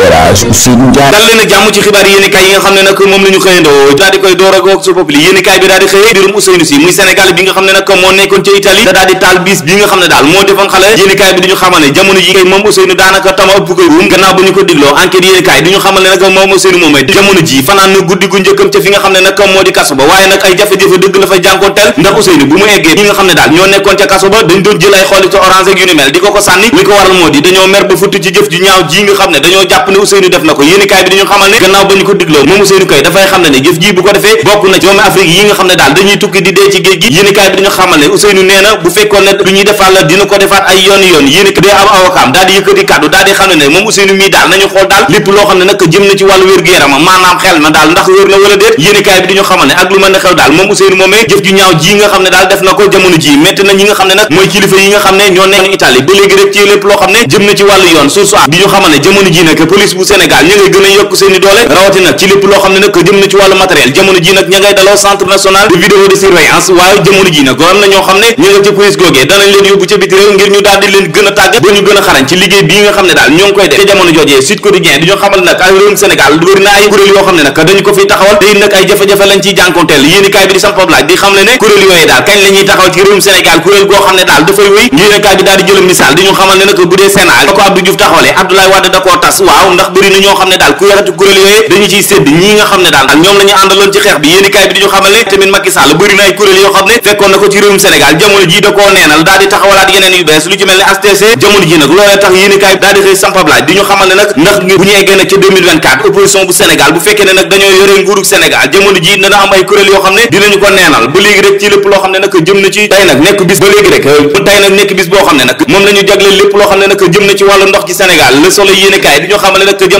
Elhadji Ousseynou dal leen jàmm ci xibaar yéeni yi nga xam ne nag moom la ñu xëyandoo daal koy door ak vox populi yéeni kaay bi daal di xëyee mbirum Ousseynou Sy muy Sénégal bi nga xam ne nag moo nekkoon ca Italie da taal bis bi nga xam ne daal moo defoon xale yéeni bi duñu ñu xamal ne jamono ji fanaan na guddi gu njëkkam ca fi nga xam ne nag moo di kaso ba waaye nag ay jafe-jafe dëgg la fa jànkoonteel ndax Ousseynou bu mu eggee ñi nga xam ne daal ñoo nekkoon ca jàpp dafay xam ne ne moom Ousseynou mii daal nañu xool daal lépp loo xam ne nag moom Ousseynou moomee jëf ju ñaaw ji nga xam ne daal def na ko jamono ji metti na nga xam ne nag mooy kilifa yi nga xam ne ñoo nekk Italie ba léegi rek ci lépp loo xam ne jëm na ci wàllu yoon sursoir bi ñu xamal ne jamono ji nag police bu Sénégal ñu ngay gën a yokk seen i doole rawatina ci lépp loo xam ne nag jëm na ci wàllu matériel jamono ji nag ña ngay daloo centre national de vidéo de surveillance waaye jamono ji nag am na ñoo xam ne ñu nga ci police googee danañ leen yóbbu ca biti réew ngir ñu daal di leen gën a tàggat ba ñu gën a xarañ ci liggéey bii nga xam ne daal ñoo ngi koy def ca jamono joojee Sud Quotidien di ñu xamal nag ay réewum Sénégal wër na ay kuréel yoo xam ne nag dañu ko fiy taxawal te it nag ay jafe-jafe lañ ciy jànkonteel yéen i kaay bi di samp laaj di xam ne ne kuréel yooyu daal kañ la ñuy taxawal ci réewum Sénégal kuréel goo xam ne daal dafay wéy yéen i kaay bi daal di jël misaal di ñu xamal ne nag bu dee Sénat ko Abdou Diouf taxawalee Abdoulaye Wade da koo tas waaw gaaw ndax bëri na ñoo xam ne daal ku yarati kuréel yooyu dañu ciy sédd ñii nga xam ne daal ñoom la àndaloon ci xeex bi yéenekaay bi di xamal ne tamit Macky Sall bëri na ay kuréel yoo xam ne fekkoon ne nag dañoo yore nguurug Sénégal jamono ji dana am ay kuréel yoo xam ne dinañu ko neenal ba léegi rek ci lépp loo xam ne nag jëm na ci tey nag nekk bis ba léegi rek tey nag nekk bis boo xam ne nag moom la ñu jagleel loo xam ne nag jëm na ci wàllu ndox xamale nag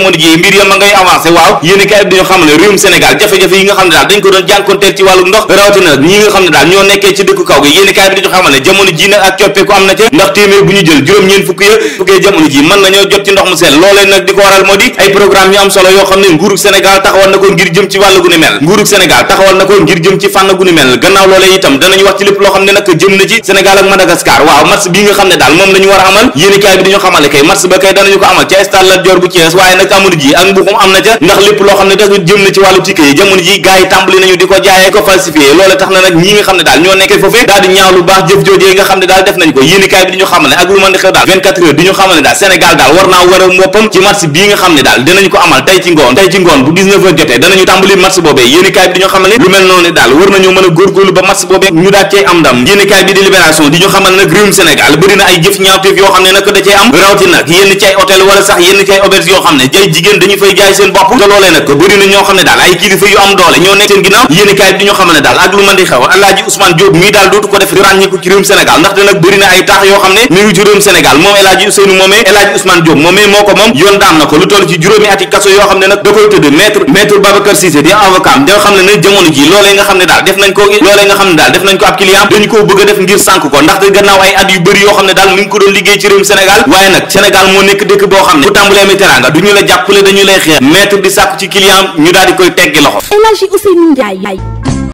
jamono ñoo jot ci ndox mu sell loolee di ko waral moo di ay programme yu am solo yoo xam ne nguurug Sénégal taxawal na ko ngir jëm ci wàllu gu ni mel nguurug Sénégal taxawal na ko ngir jëm ci fànn gu ni mel gannaaw loolee itam danañu wax ci lépp loo xam ne nag jëm na ci Sénégal ak Madagascar waaw match bi nga xam ne daal moom la ñu war amal yéen kay bi dañu xamale kay match ba kay danañu ko amal ci stade Lat Dior bu ci business daal di ñaaw ko amal tey ci ngoon tey ci ngoon bu 19 heures jotee danañu ñu xamal ne boobee ñu bi di ñu xamal nag réewum Sénégal bëri na ay jëf ñaawteef yoo xam ne nag da cey am rawati nag yenn ci ay hôtel sax yenn ci ay yoo xam ne jay jigéen dañu fay jaay yu am doole ñoo nekk seen ginnaaw yéene kaay bi ñu xam ne daal ay taax yoo xam ne nag da ko bëgg def ngir sànk ko ndaxte gannaaw ay at yu bëri yoo xam ne daal mi ngi ko doon liggéey ci réewum Sénégal waaye nag Sénégal moo nekk dëkk boo xam ne bu tàmbalee teraanga du ñu la jàppale dañu lay xeex maître di sàkku ci client ñu daal di koy teggi loxo El Hadji Ousseynou Ndiaye